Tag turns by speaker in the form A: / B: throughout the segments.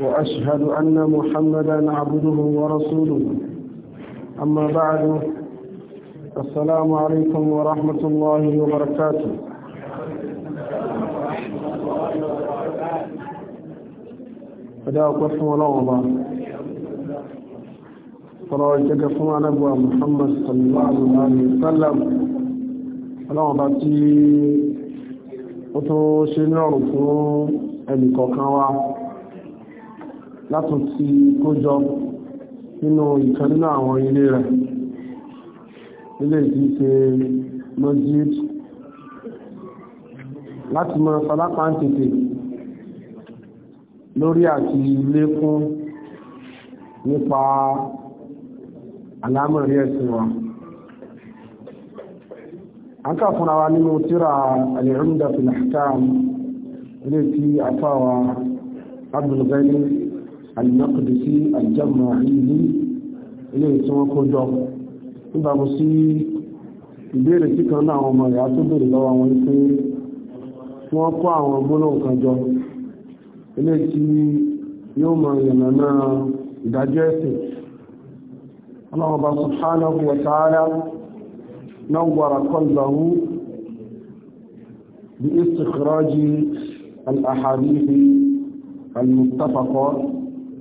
A: وأشهد أن محمدا عبده ورسوله أما بعد السلام عليكم ورحمة الله وبركاته فدا قسم الله فلو يتقفون على أبو محمد صلى الله عليه وسلم فلو باتي وتوشي نور فلو أبي látún ti kó jọ nínú ìkan nínú àwọn ilé rẹ̀ ilé tí ṣe masjid láti mọ́ falápá ń tètè lórí àti lékún nípa àlámọ̀rí ẹ̀sìn wa an ká fúnra wa nínú tíra al-Umda ilé tí àfáwà Abdul Ghani alinakudisi alijama ìlú ilé tí wọ́n kó jọ níbàmú sí ìbéèrè tí kan náà àwọn ọmọ ìyá tó béèrè lọ́wọ́ wọn pé wọ́n kó àwọn gbólóhùn kan jọ ilé tí yóò mọ ìyànà náà ìdájọ́ ẹ̀sìn ọlọ́run bá subhanahu wa ta'ala náà wàrà kọlọ̀hù bí istikhraj al-ahadith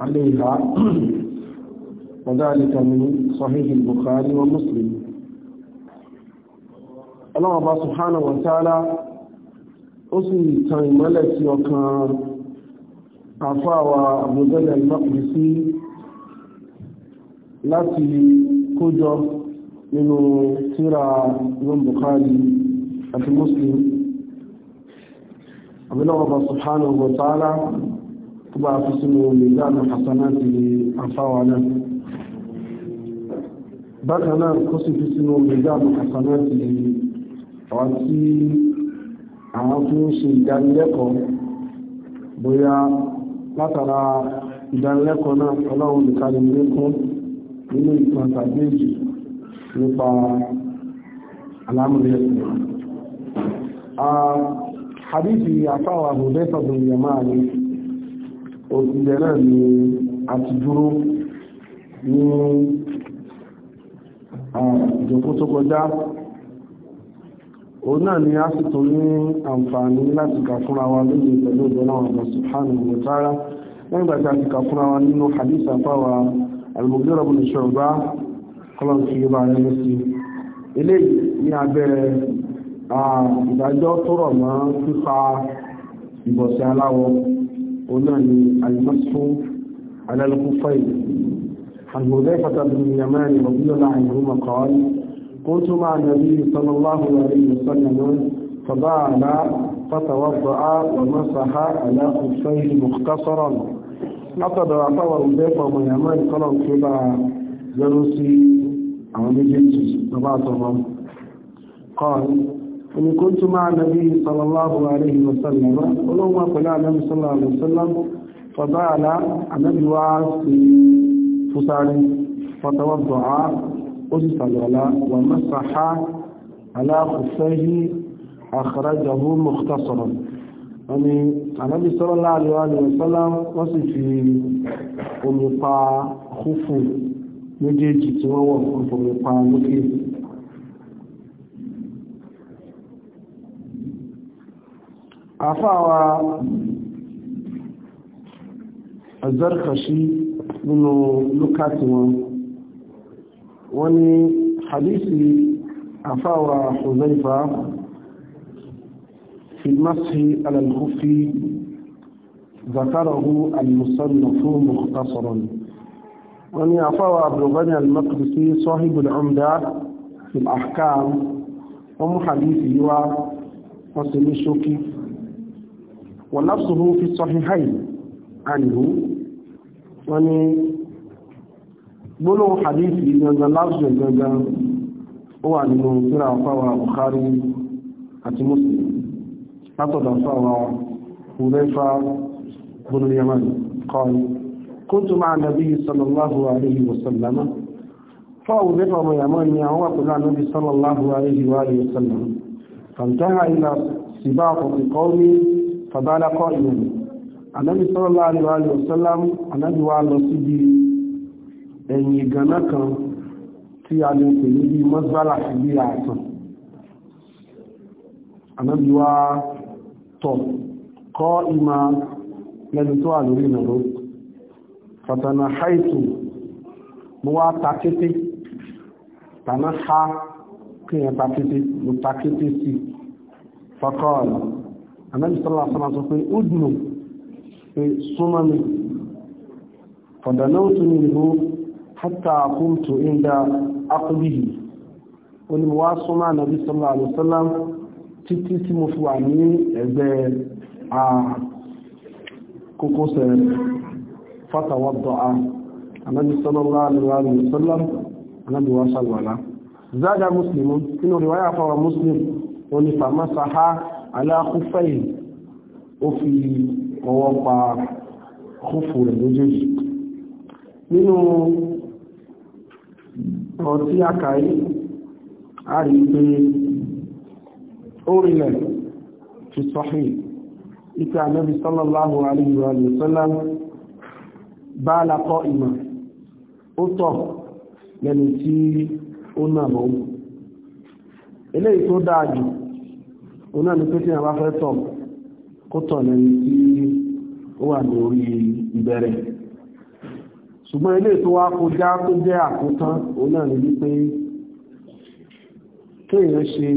A: عليها وذلك من صحيح البخاري ومسلم الله سبحانه وتعالى أصلي تيملة وكان عفاوى أبو ذر المقدسي láti kójọ nínú tíra ìwọ̀n Bukhari àti Muslim. Àbílọ́wọ́ bá Subhanahu kó bá fi sínú mizanu hasanati àfáwà náà bákan náà kó sì fi sínú mizanu hasanati àwọn tí àwọn tó ń ṣe ìdánilẹ́kọ̀ọ́ bóyá látara ìdánilẹ́kọ̀ọ́ náà ọlọ́run nìkan ní kún nínú ìtàn tàbí nípa alámúlẹ̀ ẹ̀sìn. Ah, hadithi àfáwà Hudayfa bin Yamani òtìlẹ̀ náà ni a ti dúró ní ìjọpó tó kọjá òun náà ni a sì tó ní àǹfààní láti kà fúnra wa lórí pẹ̀lú ìjọba àwọn subhanahu wa ta'ala nígbà tí a ti kà fúnra wa nínú hadith àpáwa al-Mughira ibn Shu'ba kọlọ̀ sí ọba ونعني المسح على الخفين عن حذيفة بن اليمان رضي الله عنهما قال كنت مع النبي صلى الله عليه وسلم فضعنا فتوضأ ومسح على خفيه مختصرا لقد أعطوا حذيفة بن اليمان قال كلا جلسي أو نجلسي قال إن كنت مع النبي صلى الله عليه وسلم ولو قال النبي صلى الله عليه وسلم فبعل النبي وعاسي فساري فتوضع أسس الولاء ومسح على خفيه أخرجه مختصرا يعني النبي صلى الله عليه وسلم وصف أمي خفو méjèèjì tí wọ́n wọ̀ fún ìfòmìpa lókè àfáwà azarkashi nínú lukati wọn wọ́n ní hadisi àfáwà huzaifa fi mashi alalhufi ذكره المصنف مختصرا وأن يعفوى عبد الغني المقدسي صاحب العمدة في الأحكام ومحديث هو وسمي الشوكي wa lafzuhu fi sahihayn anhu wọ́n ní gbólóhùn hadithi gangan lafzu gangan ó wà nínú tírà àfáwà Bukhari àti Muslim látọ̀dọ̀ àfáwà Hudayfa bin Yaman qala كنت مع النبي صلى الله عليه وسلم فأوظف ميمان يعوق مع النبي صلى الله عليه وآله وسلم فانتهى إلى سباق قوم fàbálá kọ́ ìlú anábì sallallahu alaihi wasallam anábì wa lọ síbi ẹ̀yìn ìgànnà kan tí a lè pè níbi mọ́sálà ìbí àtàn anábì wa tọ̀ kọ́ ìmọ̀ lẹ́nu tó wà lórí ìnàró fàtànà haitu mo wá ta kété tànà ha kéèyàn ta kété mo ta kété sí fọkọ́ọ̀lù ànábì sọ́lá sọ́lá sọ pé ó dùnú pé súnmọ́ mi fọ̀dànáwó tún ní ìlú hátà àkóńtò ìdá akọ́bíyì ó ní wá súnmọ́ ànábì sọ́lá àlùsọ́lá títí tí mo fi wà ní ẹgbẹ́ àkókòsẹ̀ fátàwọ́ dọ́a ànábì sọ́lá àlùsọ́lá ànábì wá sàlùwàlá zada muslimun inú riwaya fawa muslim ó ní aláàkúfẹ́yìn ó fi ọwọ́ pa kúfù rẹ̀ lójèjì nínú ọ̀tí àkàí a rí pé ó rílẹ̀ fi sọ́hì ìpé ànábì sallallahu alayhi wa sallam bá lápọ̀ ìmọ̀ ó tọ̀ lẹ́ni tí ó náà mọ́ eléyìí tó dáa jù òun náà ni pé tí àwọn afẹ́ tọ̀ kó tọ̀ lẹ́yìn tí ó wà ní orí ìbẹ̀rẹ̀ ṣùgbọ́n ilé tó wá kọjá tó jẹ́ àkótán òun náà ni wípé kéèyàn ṣe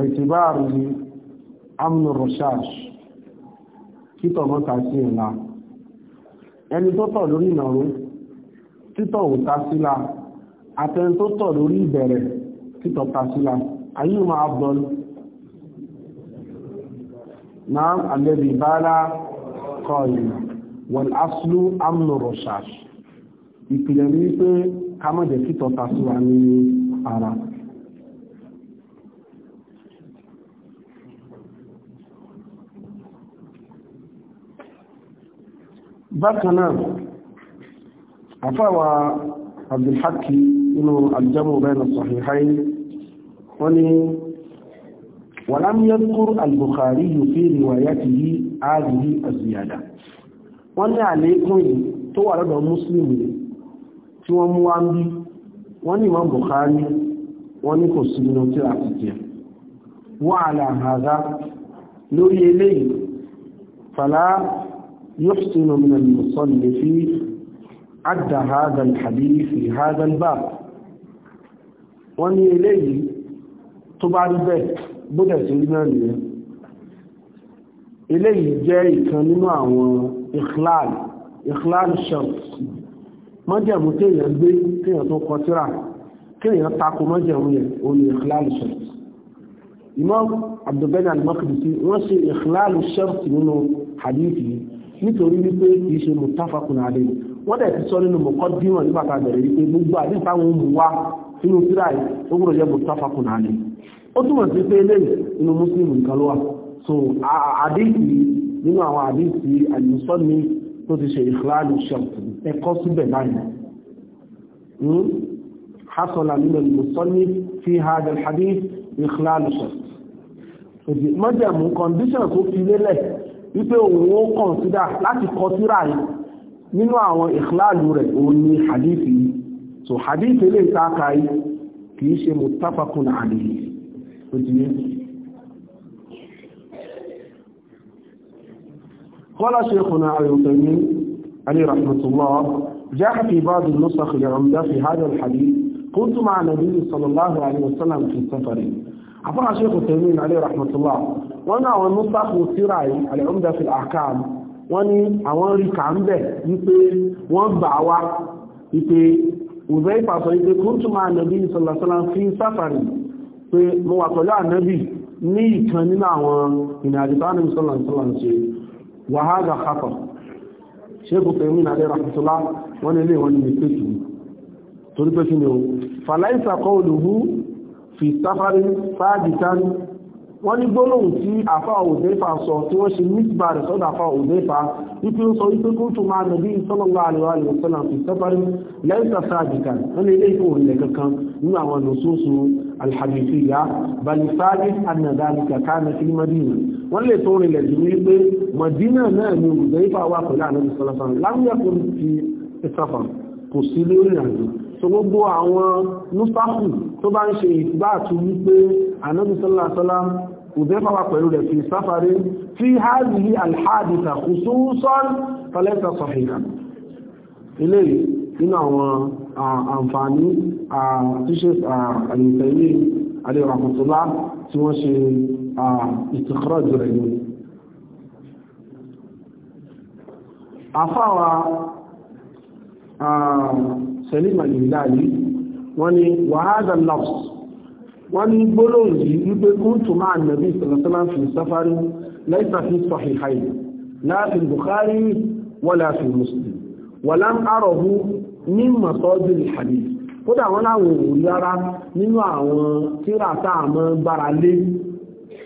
A: ẹ̀tìbáàrù amnu roshash títọ̀ mọ́ta sí ìlà ẹni tó tọ̀ lórí ìnàró títọ̀ ò ta síla àtẹni tó tọ̀ lórí ìbẹ̀rẹ̀ títọ̀ ta síla ayé máa bọ́ọ̀lù نعم الذي بال قائما والأصل أمن الرشاش ìpìlẹ̀ ní pé ká mọ̀ jẹ́ títọ́ ta sí wa ní ara bákan náà àfáwà abdulhaki inú aljamu bẹ́ẹ̀ na sahihain wọ́n ni ولم يذكر البخاري في روايته هذه الزيادة wọ́n ní àlékún yìí tó wà lọ́dọ̀ muslim tí wọ́n mú wá ń bí wọ́n ní ìmọ̀ bukhari wọ́n ní kò sí inú tí a ti jẹ wọ́n àlàáhàdá lórí eléyìí fàlá yóò sínú mìíràn mùsùn lè fi àdà hádàn tàbí fi hádàn bá wọ́n ní eléyìí tó bá rí bẹ́ẹ̀ bódẹ̀ sí rí náà nìyẹn eléyìí jẹ́ ìkan nínú àwọn ikhlal ikhlal shams mọ́jẹ̀mú téèyàn gbé téèyàn tó kọ síra kéèyàn tako mọ́jẹ̀mú yẹn ó ní ikhlal shams imam abdulbani al-maqdisi wọ́n ṣe ikhlal shams nínú hadithi nítorí wípé kìí ṣe muttafaqun alayhi wọ́n dẹ̀ ti sọ nínú muqaddima nígbà tá a bẹ̀rẹ̀ wípé gbogbo àdìsáwọn òmùwà nínú síra yìí ó gbọ́dọ̀ jẹ́ muttafaqun alayhi ó túmọ̀ sí pé eléyìí inú muslim nǹkan ló wà so àdéhì nínú àwọn àdéhì àyùsọ́ni tó ti ṣe ìfúláàlù ṣọ̀tù ẹ̀kọ́ síbẹ̀ báyìí حصل من المصنف في هذا الحديث إخلال شرط òdì mọ́jẹ̀mú kọndíṣọ̀n tó fi lélẹ̀ wípé òun ó kàn sídá láti kọ síra yìí nínú àwọn ìkìláàlù rẹ̀ òun ni hadithi yìí so hadithi lè ta ka yìí kìí ṣe muttafaqun alayhi tó ti ní قال شيخنا ابن تيميه عليه رحمه الله جاء في بعض النسخ لعمده في هذا الحديث كنت مع النبي صلى الله عليه وسلم في سفر عفوا شيخ تيميه عليه رحمه الله وانا والنسخ والسراي العمده في الاحكام wọ́n ní àwọn rí kàńbẹ̀ wípé wọ́n gbà wá wípé òzẹ́ ìpàtọ̀ ìpé kúrùtù máa nàbí sallallahu alaihi wasallam fi sáfàrí pé mo wà pẹ̀lú ànábì ní ìkan nínú àwọn ìrìnàjò tó ánìyàn sọ́lá sọ́lá ṣe wàhálà kápọ̀ ṣéèkù pẹ̀lú ìrìnàjò rahmatullah wọ́n ní ilé wọn ní mistake yìí torí pé kí ni o fàláìsà kọ́ olùhú fi sáfárí sáàdìtán wọ́n ní gbólóhùn tí àfá òdéfà sọ tí wọ́n ṣe mítbà rẹ̀ sọ́dọ̀ àfá òdéfà wípé ó sọ wípé kó tó máa nàbí ìsọ́lọ́gbà àríwáàlì òsọ́nà fi sáfárí lẹ́sà sáàdìtán wọ́n ní ilé ìfò kankan nínú àwọn lòsóòsù alhadisiya balisali anadalika kana fi madina wọ́n lè tó rìnlẹ̀ jù ní pé madina náà ni olùgbé ifá wà pẹ̀lú ànábi sọlọ́sọ láwùyàkó ti ìsọfà kò sí lórí àjò so gbogbo àwọn nusaku tó bá ń ṣe ìgbà àti wípé ànábi sọlọ́sọlá òbẹ́ fáwà pẹ̀lú rẹ̀ fi sáfàrí tí hàzìí alhadisa kùsùsọ́n fọlẹ́sà sọ̀hìnà ilé yìí nínú àwọn àǹfààní tíṣe àyẹ̀tẹ̀lé àdéhùràkùtùlá tí wọ́n ṣe istikhraj rẹ̀ ni afáwa Salim al-Hilali wọ́n ni wàhádà lọ́pù wọ́n ní gbólóhùn yìí wípé kúntù máa nàbí sọ̀rọ̀sọ́lá fi sáfárí lẹ́sàfí sọ̀hìhàì láti Bukhari wọ́n láti Muslim wàlám àrọ̀hú ní mọ̀sọ́jú ìhàdì kódà wọ́n láwọn òwúrí rárá nínú àwọn tíra táà mọ́ gbára lé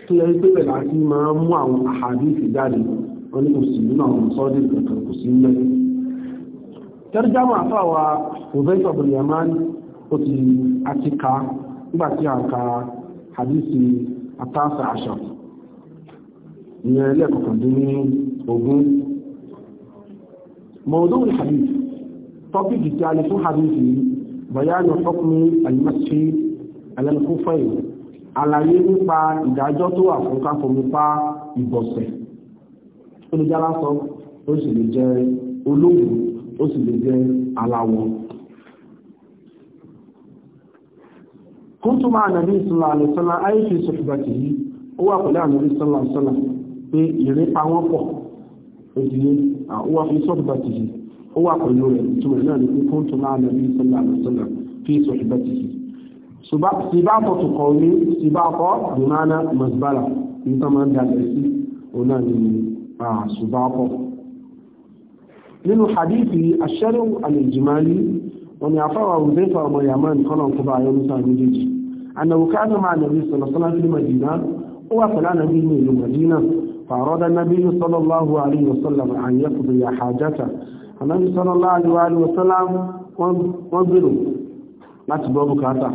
A: tó yẹ pé rẹ̀ láti máa mú àwọn àhàdìsì jáde wọ́n ní kò sí nínú àwọn mọ̀sọ́jú kankan kò sí mẹ́ tẹ́rìjámù موضوع الحديث topic tí a lè fún hadith yìí bayanu hukmi al-masjid al-kufayn àlàyé nípa ìdájọ́ tó wà fún ká fomi pa ìbọ̀sẹ̀ ó lè jẹ́ aláṣọ ó sì lè jẹ́ olóògùn ó sì lè jẹ́ aláwọ̀ kúntùmá ànàbí ìsinmi àlùsọ́lá ayé fi sọ̀tùbàtì yìí ó wà pẹ̀lú ànàbí ìsinmi àlùsọ́lá pé ìrépa wọn òdìní àwọn ìṣọ́bùbà ti yìí ó wà pẹ̀lú rẹ̀ ìtumọ̀ náà ní pé fún tún náà nàbí sọ́lá àlùsọ́lá fi ìṣọ́bùbà ti yìí sibáàpọ̀ tó kọ̀ ní sibáàpọ̀ dùnánà masbala ní tó máa ń dàgbẹ̀ sí òun náà ní sibáàpọ̀ nínú hadithi aṣẹ́rù alìjìmáyí wọn ni afáwà òzẹ́fà ọmọ yàmá nìkan ọkọba ayọ́mísà méjèèjì anàwòká náà máa nàbí sọ̀rọ̀ sọ́lá sí madina ó wà pẹ̀lú ànàbí ní ìlú madina فأراد النبي صلى الله عليه وسلم أن يقضي حاجته النبي صلى الله عليه وسلم وانظروا لا تبقوا كاتا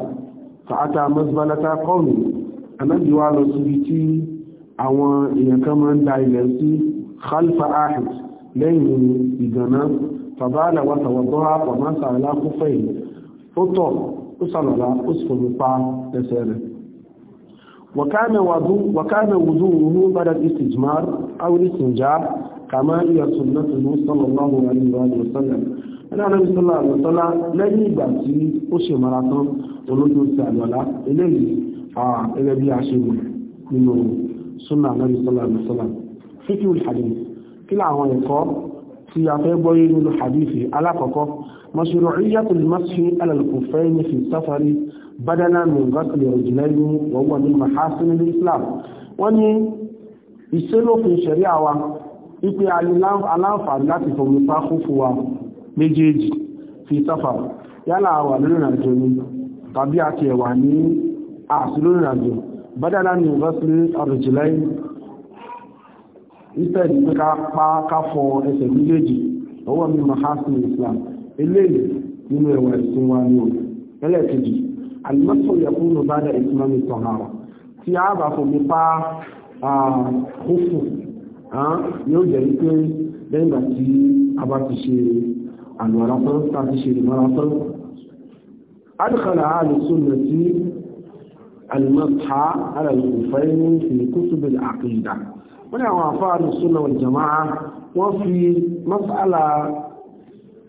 A: فأتى مزبلة قوم النبي وعلى سبيتي àwọn èèyàn kan máa ń da ilẹ̀ sí khalfa ahid lẹ́yìn ìgànná fàbáàlà wàtàwàtọ́ àpọ̀ máa sàrẹ́lá kúfẹ́ yìí ó tọ̀ ó sàlọ̀lá ó sì fòmí pa ẹsẹ̀ rẹ̀ وكان وضوء وكان وضوءه بعد الاستجمار او الاستنجاء كما هي سنته صلى الله عليه واله وسلم انا النبي صلى الله عليه وسلم لن يباتي وشي مراتون ولوجو سالولا اليه اه الى بي عشيم من سنه النبي صلى الله عليه وسلم فيكي الحديث كلا هو يقول في افي بوي الحديث على كوكو مشروعية المسح على الكفين في السفر بدلا من غسل رجلين وهو من محاسن الإسلام wọ́n ní ìṣẹ́lòfin ṣẹ̀rí àwa wípé aláǹfààní láti fòmí pákó fún wa méjèèjì fi sáfà yálà wà lórí ìrìnàjò ni tàbí àti ẹ̀wà ní àti lórí ìrìnàjò bádàlá ní ìrọ́sílẹ̀ ọ̀rọ̀jìlẹ́ ìfẹ́ ìpínká pa káfọ ẹsẹ̀ méjèèjì ọwọ́ mi mahassin Islam eléyìí nínú ẹ̀wà ẹ̀sìn wa ni o ẹlẹ́ẹ̀kejì alimọ́sọ̀ yẹ kúrò bá dẹ̀ ìsìnmọ́mì tọ̀hárọ̀ tí a bá fomi pa kófù yóò jẹ́ wípé lẹ́yìn ìgbà tí a bá ti ṣe àlùwàlá tán tá a ti ṣe ìmọ̀ra tán adìkọ̀lá àlùsùn nà sí alimọ́ta alàlùfẹ́ ní ìkútùbù àkìdá wọ́n ní àwọn àfáà àlùsùn náà jama'a wọ́n fi mas'ala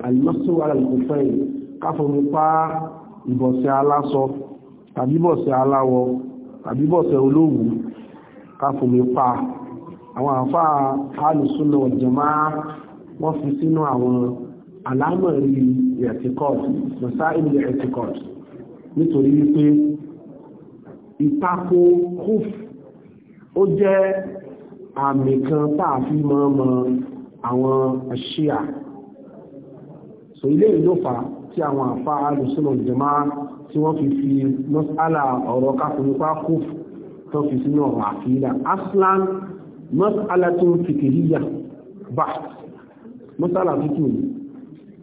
A: àlùmọ́sí wà lálùkù fẹ́yìn káfọmi pa ìbọ̀sẹ̀ aláṣọ tàbí bọ̀sẹ̀ aláwọ tàbí bọ̀sẹ̀ olówù káfọmi pa àwọn àfáà alùsùnà ọ̀jẹ̀má wọ́n fi sínú àwọn alámọ̀rí ẹ̀tìkọ́ọ̀tì mọ̀sá ìlú ẹ̀tìkọ́ọ̀tì nítorí wípé ìtako kúf ó jẹ́ àmì kan tààfí mọ́mọ́ àwọn ṣíà so ilé ìlú fa tí àwọn àfa alùsùnà jẹ̀má tí wọ́n fi fi mọ́sálà ọ̀rọ̀ káfíńpá kú tó fi sínú ọ̀rọ̀ àfihàn aslan mọ́sálà tó ń fìkìlíyà bá mọ́sálà tuntun ni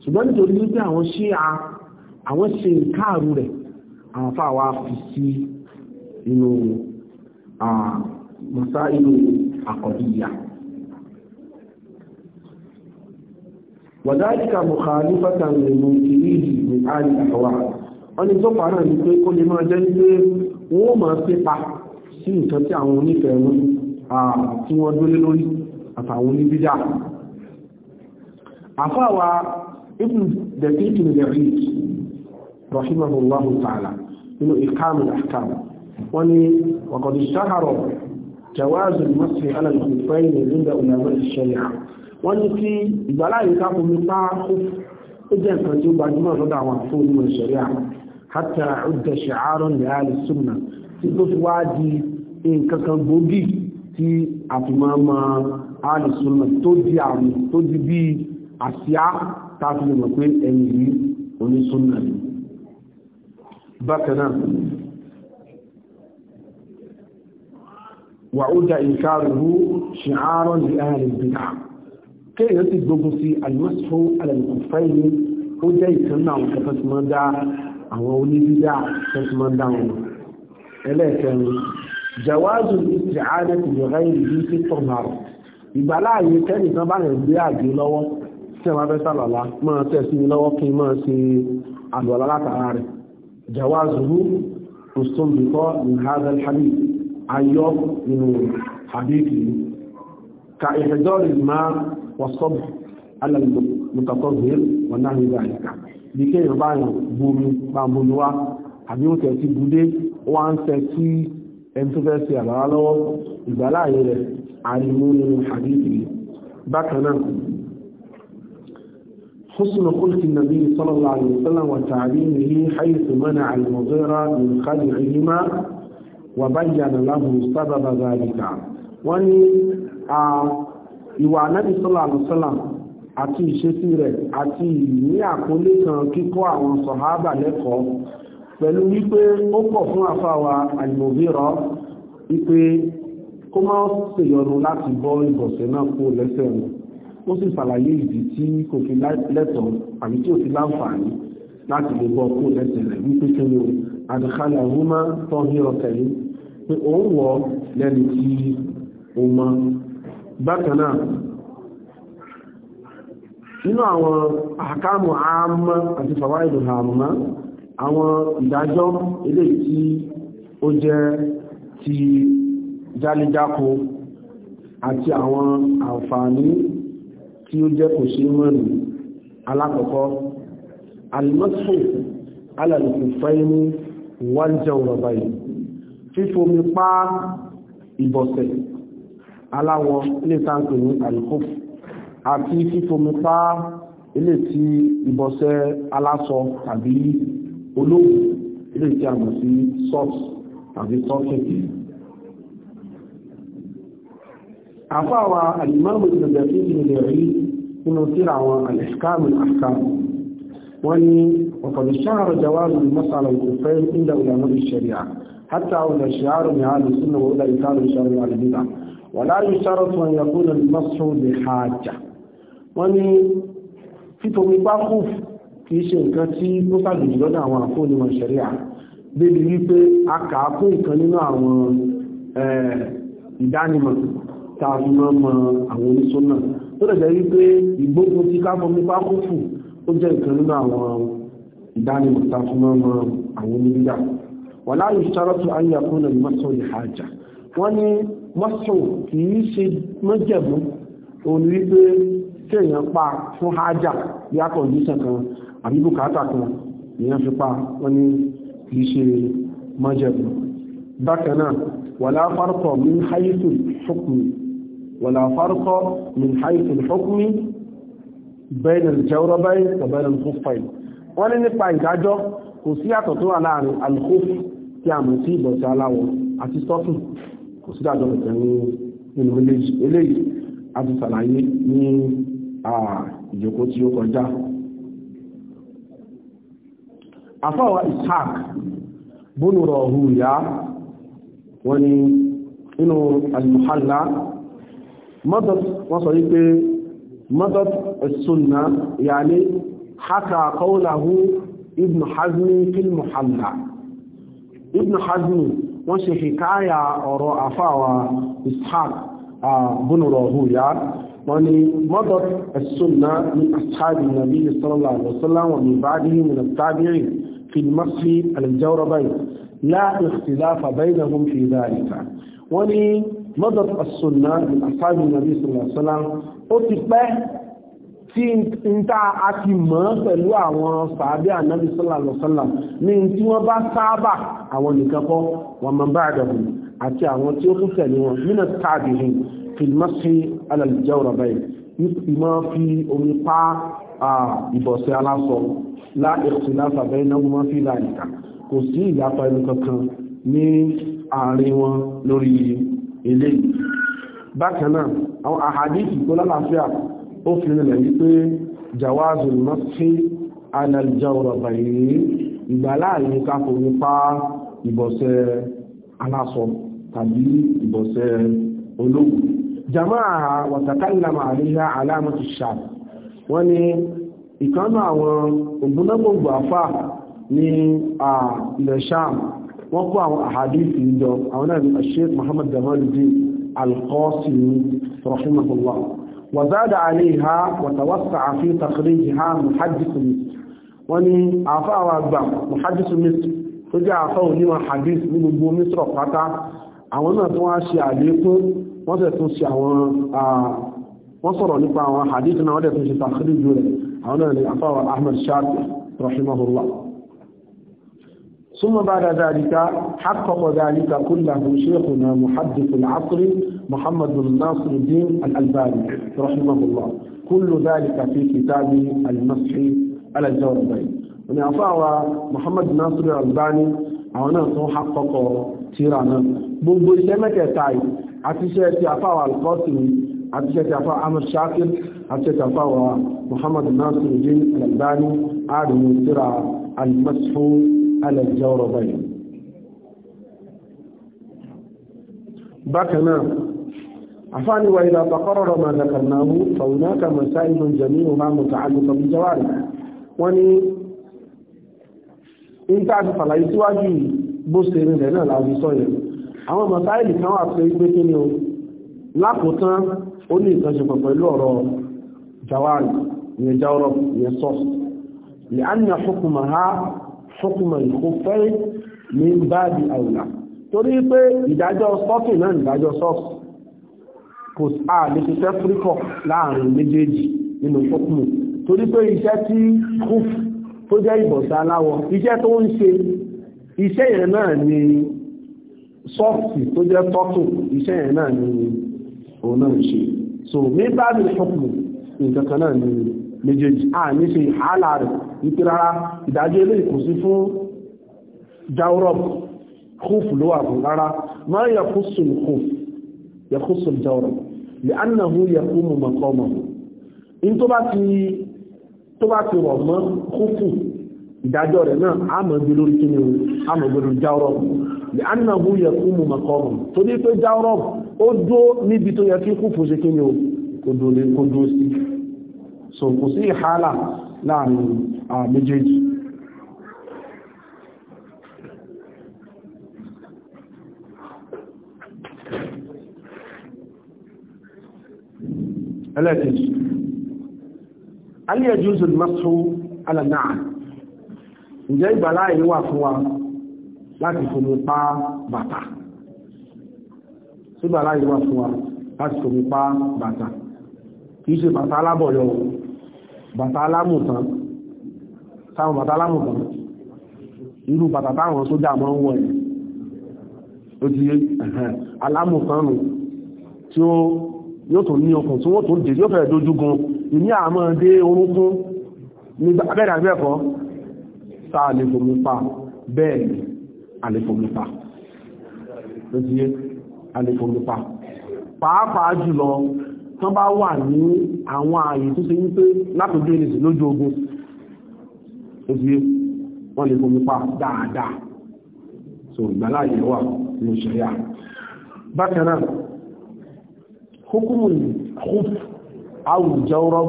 A: ṣùgbọ́n nítorí wípé àwọn ṣé a àwọn ṣe nkáàrú rẹ̀ àwọn àfa wa fi sí inú mọ́sá wàdáríkà mùkàlí fẹ́tàlì mùkìlìlì ní àrí àwà ọni tó pàánà ní pé kó lè máa jẹ́ pé wọ́n máa pípa sí nǹkan tí àwọn onífẹ̀ẹ́nu tí wọ́n dólé lórí àtàwọn oníbídà àfáwà ibn dafiq al-gariq rahimahullahu ta'ala nínú ikamul wọ́n ní kí ìgbàláyé ká omi pa ó jẹ́ nǹkan tí ó gbajúmọ̀ lọ́dọ̀ àwọn àfọ onímọ̀ ìṣẹ̀rí àwọn hátà ọdẹ ṣàárọ̀ ní àlè súnmọ̀ tí tó fi wá di nǹkan kan gbòógì tí àfimọ́mọ́ àlè súnmọ̀ tó di àmì tó di bí àsíá táfi mọ̀ pé ẹ̀yìn yìí onísúnmọ̀ ni. bákan náà wàhúdà ìkárùhù ṣàárọ̀ ní àlè bìnà kéèyàn ti gbógun sí alimọ́sọ́ alẹ́nukùnfẹ́ yìí ó jẹ́ ìkan náà àwọn kẹfẹ́ tí wọ́n dá àwọn onídídá kẹfẹ́ tí wọ́n dá wọn ẹlẹ́ẹ̀kẹrin jawazu ìtìhádẹ́ ti bẹ̀rẹ̀ ìlú sí tọ̀nàrọ̀ ìgbàláàyè kẹ́ni kan bá rẹ̀ gbé àgbé lọ́wọ́ tí a máa fẹ́ sàlọ́lá máa tẹ̀ sí mi lọ́wọ́ kí n máa ṣe àlọ́lá látara rẹ̀ jawazu ìsọ̀nbìkọ́ ìhádẹ́ hadith ayọ́ nínú والصبر على المتطهر ونحو ذلك bí kéèyàn bá yàn bomi bá bomi wá àbí ó tẹ̀ sí gudé wá ń tẹ̀ sí ẹni tó fẹ́ ṣe àbára lọ́wọ́ ìgbàláàyè rẹ̀ àìmú nínú hadith ìwà anábì sọ́là àlùsọ́là àti ìṣesí rẹ̀ àti ìní àkọlé kan kíkọ́ àwọn sọ̀hábà lẹ́kọ̀ọ́ pẹ̀lú wípé ó pọ̀ fún àfáwà àìmọ̀bírọ̀ wípé kó má ṣèyọnu láti bọ́ ìbọ̀sẹ̀ náà kó lẹ́sẹ̀ wọn ó sì ṣàlàyé ìdí tí kò fi lẹ́tọ̀ọ́ àbí tí ò fi láǹfààní láti lè bọ́ kó lẹ́sẹ̀ rẹ̀ wípé kí ni àdìkálẹ̀ àhúmá tọ́hírọ̀ tẹ̀lé pé òun wọ̀ lẹ́ni tí ó mọ́ bákan náà nínú àwọn àkámù àmọ́ àti fàwáìdù àmọ́ àwọn ìdájọ́ ilé tí ó jẹ́ ti jálijáko àti àwọn àǹfààní tí ó jẹ́ kò sí mọ́rin alákọ̀ọ́kọ́ alimọ́sùn alàlùkù fẹ́ẹ̀mú wájẹ́ òrọ̀báyìí fífomi pa ìbọ̀sẹ̀ aláwọ̀ ilé táǹkì ní àlùkòf àti fífomi pa ilé tí ìbọ̀sẹ̀ aláṣọ tàbí olóògùn ilé tí a mọ̀ sí sọ́ọ̀t tàbí sọ́ọ̀kì àfáwà alìmọ́mù ìgbẹ̀gbẹ̀ ìgbẹ̀rẹ̀ rí nínú tíra àwọn alìskáàmù àkàmù wọ́n ni ọ̀pọ̀lọ̀ṣáàrọ̀ jawaru masala ìkùfẹ́ inda ìlànà ìṣẹ̀ríà hátà ọ̀dọ̀ ṣàárọ̀ ní àdùsùn náà wọ́n dá ìtàrù ìṣẹ̀ríà àdìdà wala yusharatu an yakuna al-mashu bi haja wọ́n ní títomi pákó kì í ṣe nǹkan tí ó sàjòjì lọ́dọ̀ àwọn àfóònìmọ̀ ṣẹ̀ríà débi wípé a kà á kún ìkan nínú àwọn ìdánimọ̀ tá a fi máa mọ àwọn oníṣúná tó dẹ̀ jẹ́ wípé ìgbógun ti ká fọmi pákó fù ó jẹ́ ìkan nínú àwọn ìdánimọ̀ tá a fi máa mọ àwọn onígbà wọ́n láyé ṣárọ́tù ayé àkóónà ìmọ̀sán ìhàjà wọ́n ní mọ́sùn kìí ṣe mọ́jẹ̀mú òun wípé kéèyàn pa fún hájà yá kọ̀ǹdíṣàn kan àbí bùkátà kan èèyàn fi pa wọ́n ní kìí ṣe mọ́jẹ̀mú bákan náà wàlá fárúkọ̀ min haythu hukmi wàlá fárúkọ̀ min haythu hukmi bayna al-jawrabayn wa bayna al-khuffayn wọ́n ní nípa ìdájọ́ kò sí àtọ̀ tó wà tí a mọ̀ sí ìbọ̀sẹ̀ aláwọ̀ àti stọ́kì kò sí dájọ́ kẹ̀kẹ́ ní nínú eléyìí a ti ṣàlàyé ní ìjókòó tí ó kọjá afọ́wà ishaq bónú rọ̀hù yá wọ́n ni inú al-muhalla mọ́dọ̀t wọ́n sọ wípé mọ́dọ̀t as yàní haka qawlahu ibn hazmi fil muhalla ibn hazmi wọ́n ṣe hikaya ọ̀rọ̀ àfáwà ishaq bin Rahuya wọ́n ni mọ́dọ̀t ẹ̀sùnà ní asáàbì nàbí sallallahu alaihi wasallam wa min ba'dihi min at-tabi'in fi al-masjid al-jawrabayn la ikhtilafa baynahum fi dhalika wọ́n ni mọ́dọ̀t ẹ̀sùnà ní asáàbì nàbí sallallahu ó ti pẹ́ tí ń ta a ti mọ̀ pẹ̀lú àwọn sàábí ànábì sọ́làlọ́sọ́là ní tí wọ́n bá sáábà àwọn nìkan kọ́ wọn mọ̀ bá àdàbù àti àwọn tí ó tún tẹ̀lé wọn nínú tàbíhì fìlmọ́sí alàlùjẹ́ ọ̀rọ̀ báyìí ìmọ̀ fi omi pa ìbọ̀sẹ̀ aláṣọ láìsí lásàbẹ̀ ìnáwó mọ́ sí láìka kò sí ìyapa ẹnu kankan ní àárín wọn lórí eléyìí bákan náà àwọn àhàdí ìgbólálàáfíà ó fi rìnlẹ̀ wípé jawazul masfi alal jawrabayni ìgbàláàyè ká fomi pa ìbọ̀sẹ̀ aláṣọ tàbí ìbọ̀sẹ̀ ológun jama'a wàtàkàlàmà àríyá alámàtí sàb wọ́n ni ìkánú àwọn ògbónágbòǹgbò àfà ní ilẹ̀ sàm wọ́n kó àwọn àhàdìsì jọ àwọn náà ni sheikh muhammad jamaluddin al-Qasimi rahimahullah وزاد عليها وتوسع في تخريجها محدث مصر وني عفا وعبا محدث مصر فجاء عفا ونما حديث من ابو مصر وقطع àwọn tó wá ṣe àlékún wọ́n tẹ̀ tún ṣe àwọn wọ́n nípa àwọn hadith náà wọ́n tẹ̀ tún ṣe tàkìrí jù rẹ̀ àwọn náà ni afáwà ahmed shafi rahimahullah ثم بعد ذلك حقق ذلك كله شيخنا محدث العصر محمد بن ناصر الدين الألباني رحمه الله كل ذلك في كتاب المسح على الجوربين من أفاوى محمد بن ناصر الألباني أونا سو حقق تيرانا بوبو سمكة تاي أتشيت أفاوى القاسم أتشيت أفاوى عمر شاكر أتشيت أفاوى محمد بن ناصر الدين الألباني عاد من المسح alẹ́ jẹ́ ọ̀rọ̀ báyìí bákan náà àfáàní wa ìlà àpàkọ́rọ̀rọ̀ máa zakarnahu fàunáka masáìlú jamiu ha muta'alliqa bí jawari wọ́n ní in ta fi fàlàyé síwájú bó ṣe rí rẹ̀ náà láti sọ yẹn àwọn masáìlì kan wà pé pé kí ni o lákòótán ó ní ìtọ́sẹ̀pọ̀ pẹ̀lú ọ̀rọ̀ jawari ìyẹn jawrọ̀ ìyẹn sọ́ọ̀sì fókùnmọ̀ ìkófẹ́rẹ́ ní báàdì àwùlà torí pé ìdájọ́ sọ́ọ̀kì náà ìdájọ́ sọ́ọ̀kì kò sáà lè fi tẹ́fúríkọ̀ láàrin méjèèjì nínú fókùnmọ̀ torí pé iṣẹ́ tí kúf tó jẹ́ ìbọ̀sá aláwọ̀ iṣẹ́ tó ń ṣe iṣẹ́ yẹn náà ni sọ́ọ̀kì tó jẹ́ tọ́tù iṣẹ́ yẹn náà ni òun náà ṣe so ní báàdì fókùnmọ̀ nǹkan kan náà ni méjèèjì a ní ṣe àálà rẹ̀ wípé rárá ìdájọ́ ilé ìkùnsí fún jaurop khuf ló wà fún rárá ma yakhussul khuf yakhussul jaurop li'annahu yaqumu maqamahu in tó bá ti tó bá ti rọ̀ mọ́ kúfù ìdájọ́ rẹ̀ náà a mọ̀ gbé lórí kí ni o a mọ̀ gbé lórí jaurop li'annahu yaqumu maqamahu torí pé jaurop ó dó níbi tó yẹ kí kúfù ṣe kí ni o kò dó sí so kò sí ìhálà láàrin méjèèjì ẹlẹ́kẹ̀ẹ́jì alẹ́ ẹjúzù mọ́sù alànáà ǹjẹ́ ìgbàláyé wà fún wa láti fún mi pa bàtà sígbàláyé wà fún wa láti fún pa bàtà kìí ṣe bàtà alábọ̀yọ̀ bàtà alámùtán táwọn bàtà alámùtán irú bàtà táwọn sójà mọ́ ń wọ̀ ẹ̀ ó ti yé alámùtán nù tí ó yóò tó ní okùn tí wọ́n tó dé yóò fẹ́ dojúgun ìní àmọ́ dé orúnkún nígbà abẹ́rẹ́ àgbẹ́kọ́ tá a lè fomi pa bẹ́ẹ̀ ni a lè fomi pa ló ti yé a lè fomi pa pàápàá jùlọ tán bá wà ní àwọn ààyè tó ṣe wípé látòjú ìrìnsì lójú ogun òbí wọ́n lè fomi pa dáadáa so ìgbàláyé wà ní ṣẹ̀yà bákan náà hukumu khuf awùjọ́rọ̀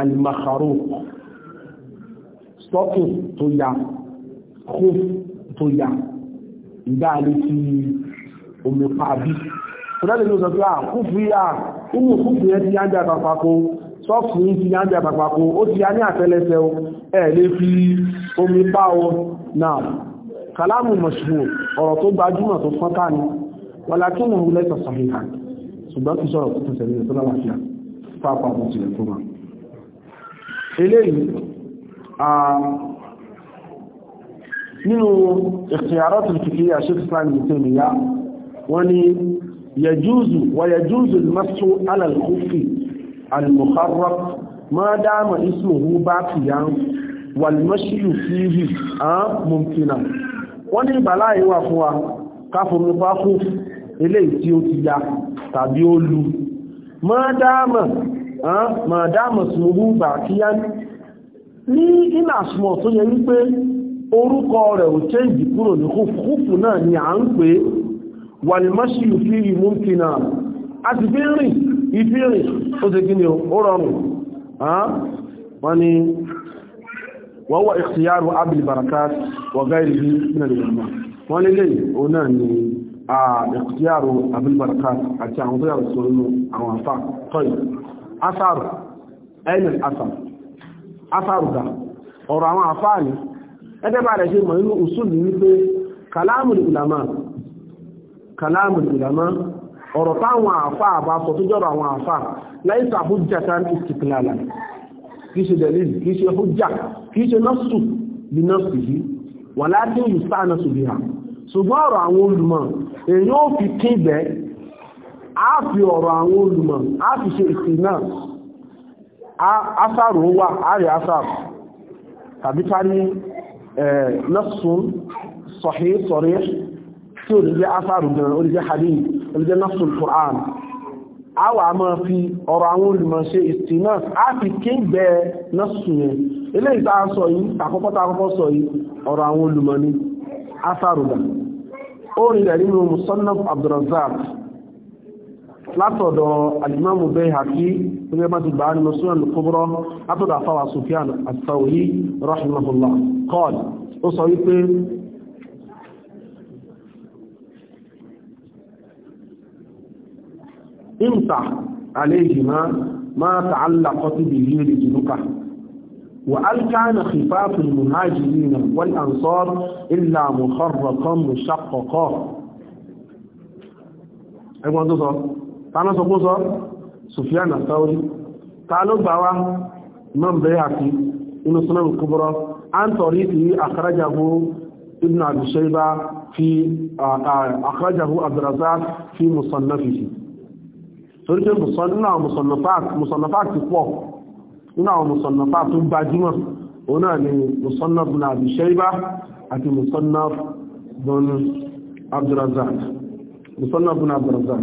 A: alimakaro stocking tó ya khuf tó ya ìdáàlé tí omi pa bí fúnlẹ̀ ló sọ pé à kú fi à inú kú fi ẹ́ ti yá ń jà pàpàkó sọ́ọ̀fù yìí ti yá ń jà pàpàkó ó ti yá ní àtẹ́lẹsẹ o ẹ̀ lè fi omi pa o náà kàlámù mọ̀ṣùgbò ọ̀rọ̀ tó gbajúmọ̀ tó fọ́n ká ni wọ́n la kí wọ́n wulẹ̀ sọ̀sọ̀ mi hàn ṣùgbọ́n kì í sọ̀rọ̀ tó tẹ̀sẹ̀ nílẹ̀ tó lálàáfíà pápá mo tilẹ̀ tó máa eléyìí nínú ìṣẹ̀yàrọ̀ tó fi kí yẹjúùzù wà yẹjúùzù masu alalkufi almuharraf ma dáma ismuhu bá kìyàn walmashiyu fihi a mumkina wọ́n ní ìbàláyé wà fún wa káfùnmí bá kú ilé tí ó ti ya tàbí ó lu ma dáma ma dáma ismuhu bá kìyàn ní ìlàsùmọ̀ tó yẹ wípé orúkọ rẹ̀ ò change kúrò ní kúfù náà ni à ń pè é wàlmáṣí fi ìmúnkìnà a ti fi rìn ìfi rìn ó ti gíní ó rọrùn wọ́n ni wọ́n wọ́n ìkìyàrù abil barakat wà gáìrì ní ìrìnàlẹ̀ wọ́n lè lèyìn ó náà ni a ìkìyàrù abil barakat àti àwọn tó yàrù sórí àwọn àfà tọ́yì asáàrù ẹ̀yìn asáàrù asáàrù ga ọ̀rọ̀ àwọn àfà ni ẹgbẹ́ bá rẹ̀ ṣe mọ̀ nínú usul ní pé kàlámù ìlàmà kàlámù ìlàmá ọ̀rọ̀ táwọn àfà àbá sọ tó jọ́rọ̀ àwọn àfà láìsà hujja tán istiklala kìí ṣe dalil kìí ṣe hujja kìí ṣe nọ́sù bí nọ́sù yìí wà láti yìí sáà nọ́sù bí ha ṣùgbọ́n ọ̀rọ̀ àwọn olùmọ̀ èyí ó fi kí a fi ọ̀rọ̀ àwọn olùmọ̀ a fi ṣe ìsìn náà asàrò tí ò ní jẹ́ asáàrù gan ó quran a wà fi ọ̀rọ̀ àwọn olùmọ̀ ṣe a fi kéńgbẹ nasul yẹn eléyìí tá a sọ yìí àkọ́kọ́ tá a kọ́kọ́ sọ yìí ọ̀rọ̀ musannaf látọ̀dọ̀ alimamu bayhaqi ilé mọ́tò gbà nínú sunan al látọ̀dọ̀ afáwà sufyan as-sawri rahimahullah qala ó sọ wípé imsah alayhima ma ta'allaqat bihi rijluka وهل كان خفاف المهاجرين والأنصار إلا مخرقا مشققا ẹgbọ́n tó sọ tánà sọ kó sọ Sufyan al-Thawri ta ló gbà wá imam Bayhaqi inú Sunan al-Kubra an tọ̀rí tí akhrajahu ibn Abi Shayba fi akhrajahu Abdurrazzaq fi musannafihi torí pé nínú àwọn mùsọ̀nàfà ti pọ̀ nínú àwọn mùsọ̀nàfà tó gbajúmọ̀ òun náà ni mùsọ̀nà bùn àbí ṣẹ́ríbá àti mùsọ̀nà bùn abdurrazak mùsọ̀nà bùn abdurrazak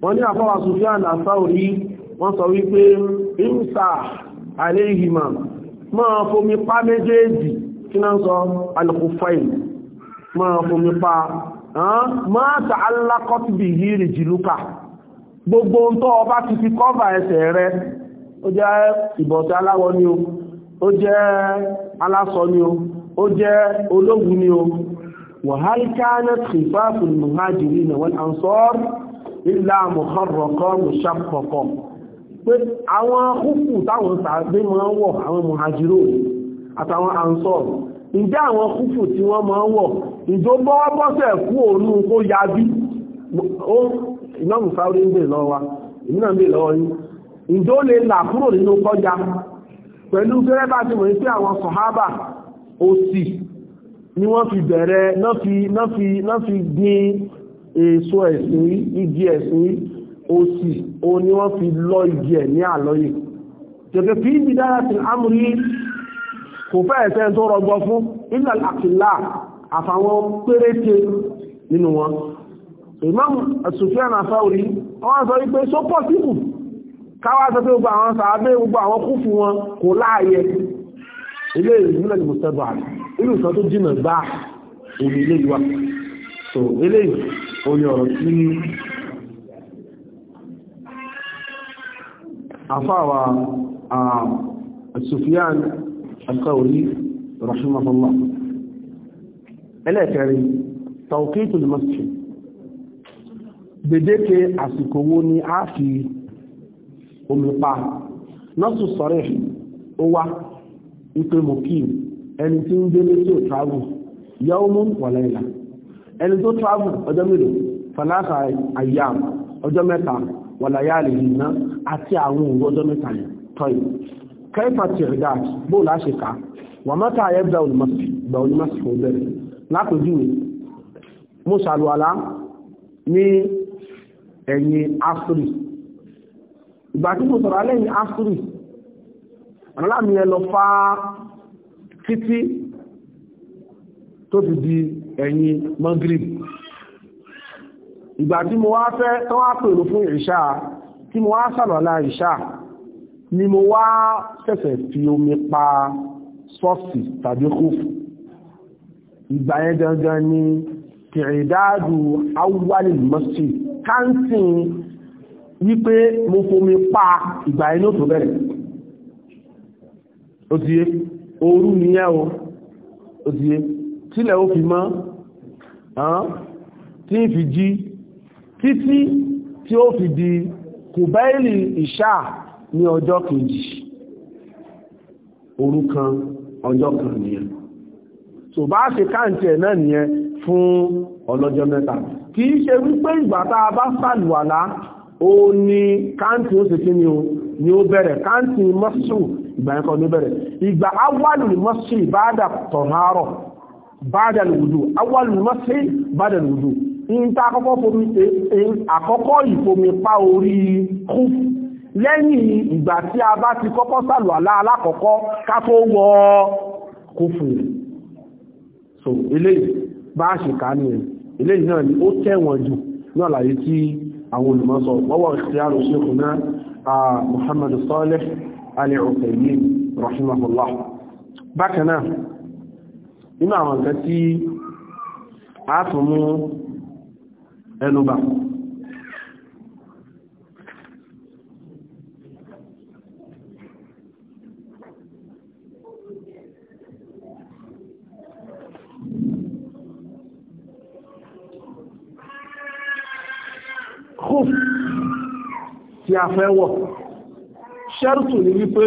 A: wọ́n ní àfọwà Sufyan àsáòrí wọ́n sọ wípé imsa aléhìmá máa fomi pa méjèèjì kí náà sọ alkufayl máa fomi pa máa tààlákọ́tìbì yìí rìjìlúkà gbogbo tó ọba ti fi kọ́bà ẹsẹ̀ rẹ ó jẹ́ ìbọ̀tẹ́ aláwọ̀ ni o ó jẹ́ aláṣọ ni o ó jẹ́ ológun ni o wàhálì káánà tìfáàfù muhajiri na wal ansar illa mọ̀kànrọ̀kọ́ mọ̀ṣàkọ̀kọ̀ pé àwọn húkù táwọn sàgbé máa ń wọ̀ àwọn muhajiro àtàwọn ansar ǹjẹ́ àwọn húkù tí wọ́n máa ń wọ̀ ìjọ bọ́sẹ̀ kú òun kó yá bí ìmáàmù sáwọ́rí ń bè lọ́wọ́ wa èmi náà ń bè lọ́wọ́ yín ìjọ lè là kúrò nínú kọjá pẹ̀lú gẹ́rẹ́ bá ti wọ̀nyí pé àwọn sọ̀hábà òsì ni wọ́n fi bẹ̀rẹ̀ náà fi gbin èso ẹ̀sìn igi ẹ̀sìn òsì o ni wọ́n fi lọ igi ẹ̀ ní àlọ́yè jẹ́gẹ́ fi ibi dára ti amúrí kò fẹ́ ẹ̀sẹ̀ tó rọgbọ fún ilẹ̀ àkìlá àfàwọn péréte nínú wọn Imam Sufyan Asauri wọ́n sọ wípé so possible káwá sọ pé gbogbo àwọn sàábé gbogbo àwọn kú fún wọn kò láàyè ilé ìlúlẹ̀ ìbò sẹ́bà ìlú ìsọ tó jìnà gbá òní ilé ìwà so ilé òní ọ̀rọ̀ tí afáwà Sufyan Asauri rahimahullah ẹlẹ́ẹ̀kẹrin tawqitul masjid gbèdéke àsìkò wo ni a fi omi pa nọ́ọ̀sù sọ̀rọ̀ ó wá ipe mokin ẹni tí ń délé tí ò travel yẹ́wó mú wọ̀lẹ́ ìlà ẹni tó travel ọjọ́ mélòó fàlàkà àyàm ọjọ́ mẹ́ta wàlàyà lè nà àti àwọn òru ọjọ́ mẹ́ta yẹn tọ́yì kẹfà tìrìdàt bóòlù àṣekà wà mọ́ta ayẹ́bdà olùmọ̀sí fò bẹ̀rẹ̀ lápèjúwe mo ṣàlùwàlá ní ẹ̀yìn asiri ìgbà tí mo sọ̀rọ̀ alẹ́yìn asiri aláàmì ẹ lọ fá títí tó fi di ẹ̀yìn mangrib ìgbà tí mo wá fẹ́ tán wá pèrò fún ìṣà tí mo wá sàrọ̀lá ìṣà ni mo wá ṣẹ̀ṣẹ̀ fi omi pa sọ́ọ̀sì tàbí kúfù ìgbà yẹn gangan ni tìrìdáàdù awwalil masjid káńtìn wípé mo fomi pa ìgbà inú tó bẹ̀rẹ̀ ó ti yé òru nìyẹn o ó ti yé tílẹ̀ ó fi mọ́ tí ń fi jí títí tí ó fi di kùbẹ́ẹ̀lì ìṣà ní ọjọ́ kejì òru kan ọjọ́ kan nìyẹn so bá ṣe káǹtì ẹ̀ náà nìyẹn fún ọlọ́jọ́ mẹ́ta kì í ṣe wípé ìgbà tá a bá sàlùwàlá ó ní káǹtì ó sì kí ni o ni ó bẹ̀rẹ̀ káǹtì mọ́sù ìgbà yẹn kan ló bẹ̀rẹ̀ ìgbà awálù mọ́sù ìbáàdà tọ̀hárọ̀ báàdà lùdù awálù mọ́sù báàdà lùdù níta àkọ́kọ́ fomi àkọ́kọ́ ìfomi pa orí kú lẹ́yìn ìgbà tí a bá ti kọ́kọ́ so eléyìí bá ṣe ká ní ẹ̀yìn eléyìí náà ni ó tẹ̀wọ̀n jù ní àlàyé tí àwọn olùmọ̀ sọ wọ́wọ́ ìṣẹ́yàrò ṣekùnà Muhammad Salih al-Uthaymin rahimahullah bákan náà nínú àwọn nǹkan tí a fẹ́ wọ̀ ṣẹ́rùtù ní wípé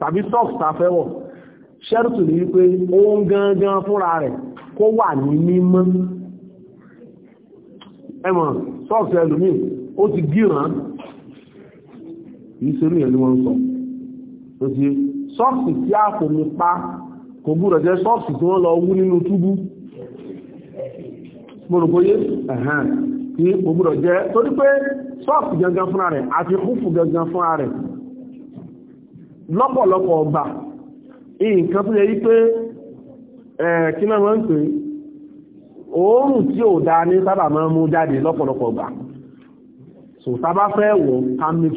A: tàbí socks ta fẹ́ wọ̀ ṣẹ́rùtù ní wípé ohun gangan fúnra rẹ̀ kó wà ní mímọ́ ẹmọ̀ socks ẹlùmí ó ti gíràn ìṣerú yẹn ni wọ́n sọ ó ti socks tí a kò ní pa kò gbúdọ̀ jẹ́ socks tí wọ́n lọ wú nínú túbú mo rò bóyé ẹ̀hàn tí ó gbọ́dọ̀ jẹ́ torí pé sọ́ọ̀kì gangan fúnra rẹ̀ àti húfù gangan fúnra rẹ̀ lọ́pọ̀lọpọ̀ ọgbà nǹkan tó yẹ yí pé kí náà máa ń pè òórùn tí ò dáa ní sábà máa ń mú jáde lọ́pọ̀lọpọ̀ ọgbà so sábà fẹ́ wọ̀ ká make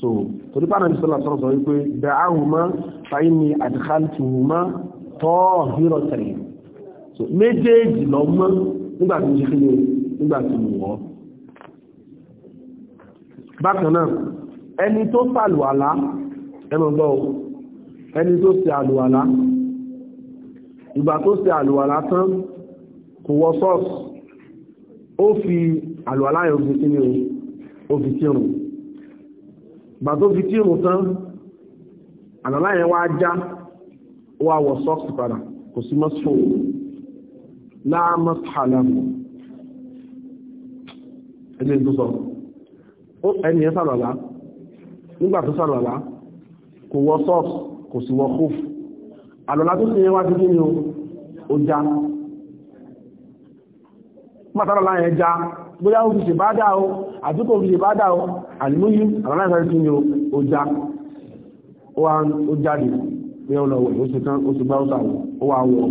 A: so torí pàdé ní sọ́lá sọ́rọ̀ sọ wípé da'ahuma fa inni adkhaltuhuma so méjèèjì lọ mọ́ nígbà tí ṣe kíni nígbà tí mo wọ́ bákan náà ẹni tó sàlùwàlá ẹmọ̀gbọ́ ẹni tó ṣe àlùwàlá ìgbà tó ṣe àlùwàlá tán kò wọ sọ́ọ̀sì ó fi àlùwàlá yẹn fi kíni ó fi kírun ìgbà tó fi kírun tán àlùwàlá yẹn wá já ó wá wọ sọ́ọ̀sì padà kò sí mọ́sífò láàmọ́ sàlámù ẹni tó sọ ẹni ẹ sàrọ̀lá nígbà tó sàrọ̀lá kò wọ sọ́ọ̀sì kò sì wọ kóf àlọ́lá tó sì yẹn wá ti kí ni ó já pàtàrọ̀lá yẹn já bóyá ó fi ṣe bá dá o àdúkò fi ṣe bá dá o àlùmúyí àlọ́lá yẹn kí ni ó já ó jáde pé ó lọ wẹ̀ ó sì gbá ó sàwọ̀ ó wà wọ̀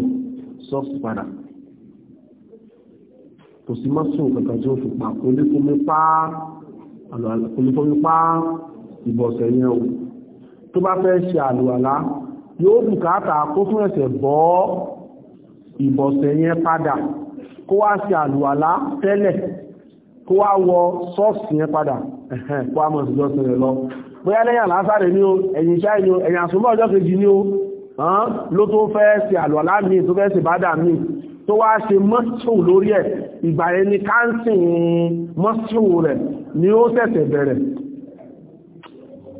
A: sọ́ọ̀sì padà kò sí mọ́sùn kankan tí ó fi pa kólékómi pa kólékómi pa ìbọ̀sẹ̀ yẹn o tó bá fẹ́ ṣe àlùwàlá yóò bùkátà kó fún ẹsẹ̀ bọ́ ìbọ̀sẹ̀ yẹn padà kó wá ṣe àlùwàlá tẹ́lẹ̀ kó wá wọ sọ́ọ̀sì yẹn padà kó wá mọ̀ sí lọ́sẹ̀ rẹ̀ lọ bóyá lẹ́yìn àlásàrè ní o ẹ̀yìn iṣẹ́ ìní o ẹ̀yìn àsùnmọ́ ọjọ́ kejì ní o ló tó fẹ́ ṣe àlùwàlá mi tó fẹ́ ṣe bádà mi tó wá ṣe mọ́sùn lórí ẹ̀ ìgbà yẹn ni káńsìn mọ́sùn rẹ̀ ni ó ṣẹ̀ṣẹ̀ bẹ̀rẹ̀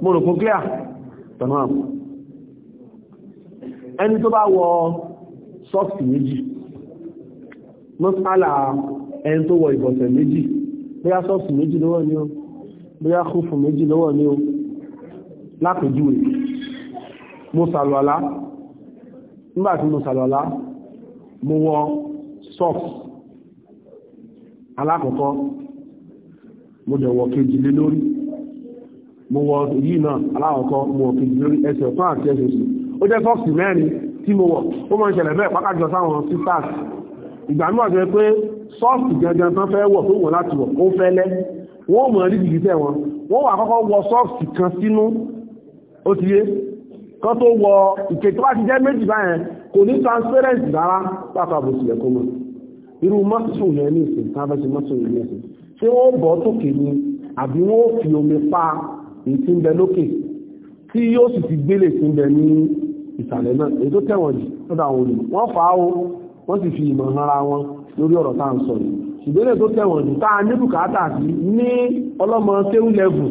A: mo rò kó clear tọ̀nà ẹni tó bá wọ sọ́ọ̀sì méjì mọ́sálà ẹni tó wọ ìbọ̀sẹ̀ méjì bóyá sọ́ọ̀sì méjì lọ́wọ́ ni ó bóyá kúfù méjì lọ́wọ́ ni ó lápèjúwe mo wọ socks alákọ̀ọ́kọ́ mo dẹ̀ wọ kejì lé lórí mo wọ èyí náà alákọ̀ọ́kọ́ mo wọ kejì lórí ẹsẹ̀ fún àti ẹsẹ̀ sí ó jẹ́ socks mẹ́rin tí mo wọ̀ ó mọ̀ ìṣẹ̀lẹ̀ bẹ́ẹ̀ pákájọ sáwọn sisters ìgbà náà jẹ́ pé socks gangan tán fẹ́ wọ̀ tó wọ̀ láti wọ̀ ó fẹ́ lẹ́ wọ́n mọ̀ rí dìgítẹ́ wọn wọ́n wà kọ́kọ́ wọ socks kan sínú ó ti yé kan tó wọ ìkè tó bá ti jẹ́ méjì báyẹn kò ní transparency rárá pápá bó tilẹ̀ kó mọ̀ irú mọ́sùn yẹn ní ìsìn tábẹ́sì mọ́sùn yẹn ní ìsìn ṣé wọ́n bọ́ tókè ni àbí wọ́n fi omi pa èyí tí ń bẹ lókè tí yóò sì ti gbélé tí ń bẹ ní ìsàlẹ̀ náà èyí tó tẹ̀wọ̀n jù lọ́dọ̀ àwọn olùmọ̀ wọ́n fà á o wọ́n sì fi ìmọ̀ hànra wọn lórí ọ̀rọ̀ tá à ń sọ yìí ìbéèrè tó tẹ̀wọ̀n jù tá a ní bùkátà sí ní ọlọ́mọ tẹ́wù lẹ́vù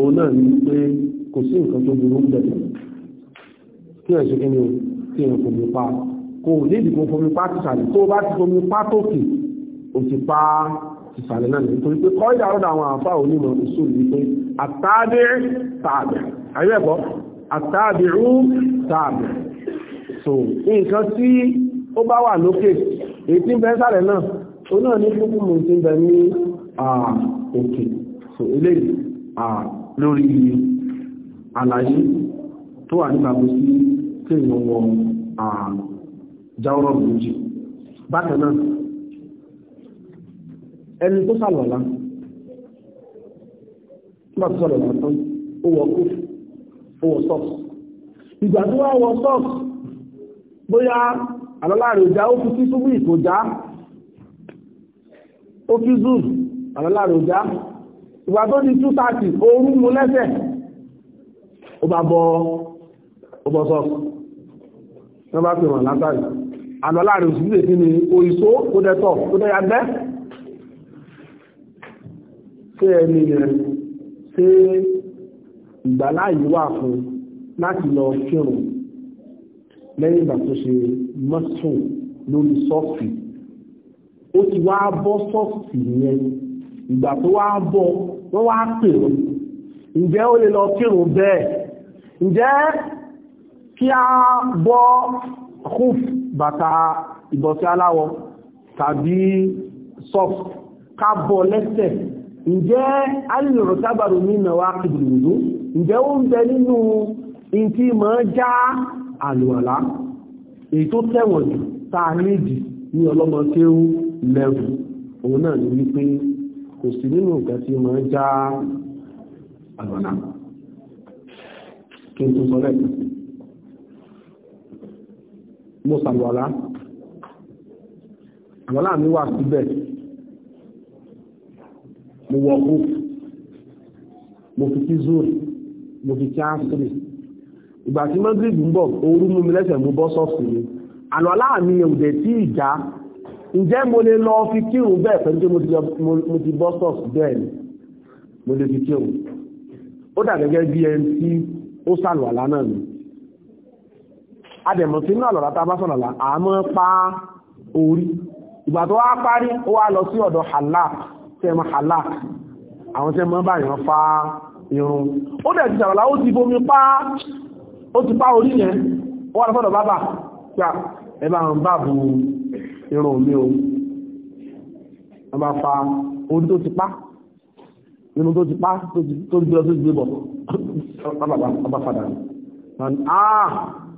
A: òun náà ní pé kò sí nǹkan tó burú ń bẹ̀rẹ̀ kí ẹ̀ ṣe kíni o kí ẹ̀ fomi pa kò nídìí kò fomi pa tìsàlẹ̀ tó o bá ti fomi pa tókè o ti pa tìsàlẹ̀ náà nítorí pé kọ́ ìdá ọ̀dọ̀ àwọn àfa onímọ̀ ìṣòro yìí pé àtàbí tààbẹ̀ àyè ẹ̀kọ́ àtàbí rú tààbẹ̀ so nǹkan tí ó bá wà lókè èyí tí ń bẹ sàlẹ̀ náà ó náà ní kúkú mú ti ń bẹ ní òkè so eléyìí lórí àlàyé tó wà nípa bó sí kí èèyàn wọ jáwọ́rọ̀ méjì bákan náà ẹni tó sàlọ̀lá nígbà tó sàlọ̀lá tán ó wọ kó ó wọ sọ́ọ̀sì ìgbà tó wá wọ sọ́ọ̀sì bóyá àlọ́láàrẹ̀ òjá ó fi kí súnmù ìtòjá ó kí zoom àlọ́láàrẹ̀ òjá ìgbà tó di 230 oorun mú lẹ́sẹ̀ ó bá bọ́ sọ́ọ̀sì wọ́n bá pè wọ́n látàrí àná láàrin òsì lè fi ni oìsó ó dẹ́tọ̀ ó dẹ́yà bẹ́ ṣé ẹni rẹ̀ ṣé ìgbàláyìí wà fún láti lọ kírun lẹ́yìn ìgbà tó ṣe mọ́sùn lórí sọ́ọ̀sì ó ti wá bọ́ sọ́ọ̀sì yẹn ìgbà tó wá bọ́ wọ́n wá pè ǹjẹ́ ó lè lọ kírun bẹ́ẹ̀ ǹjẹ́ kí a bọ́ hoof bàtà ìbọ̀sẹ̀ aláwọ̀ tàbí soft ká bọ́ lẹ́sẹ̀ ǹjẹ́ alìrọ̀ sábàrù ní ìnáwà kìdìrìdú ǹjẹ́ ó ń bẹ nínú ìntí mọ́ já àlùwàlá èyí tó tẹ̀wọ̀n jù táa nídìí ní ọlọ́mọ tí ó lẹ́rù òun náà ní wípé kò sí nínú nǹkan tí mọ́ já àlùwàlá kí n tó sọ lẹ́kọ̀ọ́ mo sàlùwàlá àlùwàlá mi wà síbẹ̀ mo wọ kú mo fi kí zoro mo fi kí áńsírì ìgbà tí mọ́gírìbì ń bọ̀ ooru mú mi lẹ́sẹ̀ mú bọ́ sọ́ọ̀sì mi àlùwàlá mi ò dẹ̀ tí ìjà ǹjẹ́ mo lè lọ fi kírun bẹ́ẹ̀ pẹ̀lú pé mo ti bọ́ sọ́ọ̀sì bẹ́ẹ̀ ni mo lè fi kírun ó dà gẹ́gẹ́ bí ẹni tí ó sàlùwàlá náà ni adẹ̀mọ̀ sínú àlọ́lá tá a bá sọ̀rọ̀lá àmọ́ pa orí ìgbà tó wá parí ó wá lọ sí ọ̀dọ̀ halak tẹ́mọ̀ halak àwọn tẹ́mọ̀ báyàn fa irun ó dẹ̀ ti sàrọ̀lá ó ti bomi pa ó ti pa orí yẹn ó wá lọ sọ́dọ̀ bábà pé ẹ bá ń bàbù irun mi o wọ́n bá fa orí tó ti pa irun tó ti pa tó ti gbé lọ tó ti gbé bọ̀ ah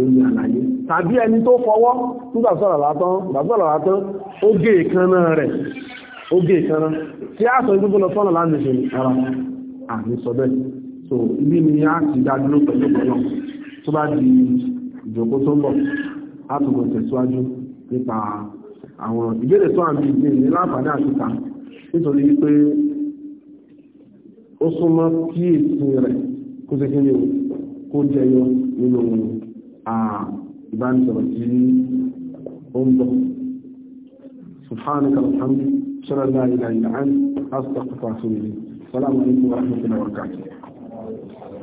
A: èyí àlàyé tàbí ẹni tó fọwọ́ nígbàsọ̀rọ̀ látán gbàsọ̀rọ̀ látán ó gé ìkanná rẹ̀ ó gé ìkanná tí a sọ ní gbogbo lọ sọ́nà láti ṣe so ibi ni a ti dá dúró pẹ̀lú pẹ̀lú tó bá di ìjókòó tó ń bọ̀ a tún kò tẹ̀síwájú nípa àwọn ìbéèrè tó àmì ìgbé ní láǹfààní àtìkà nítorí wípé ó súnmọ́ kí èsì rẹ̀ kó ṣe kí ni kó آه، سبحانك tí ó ń bọ̀. سبحانك والحمد لا إله إلا أنت أستغفرك وأتوب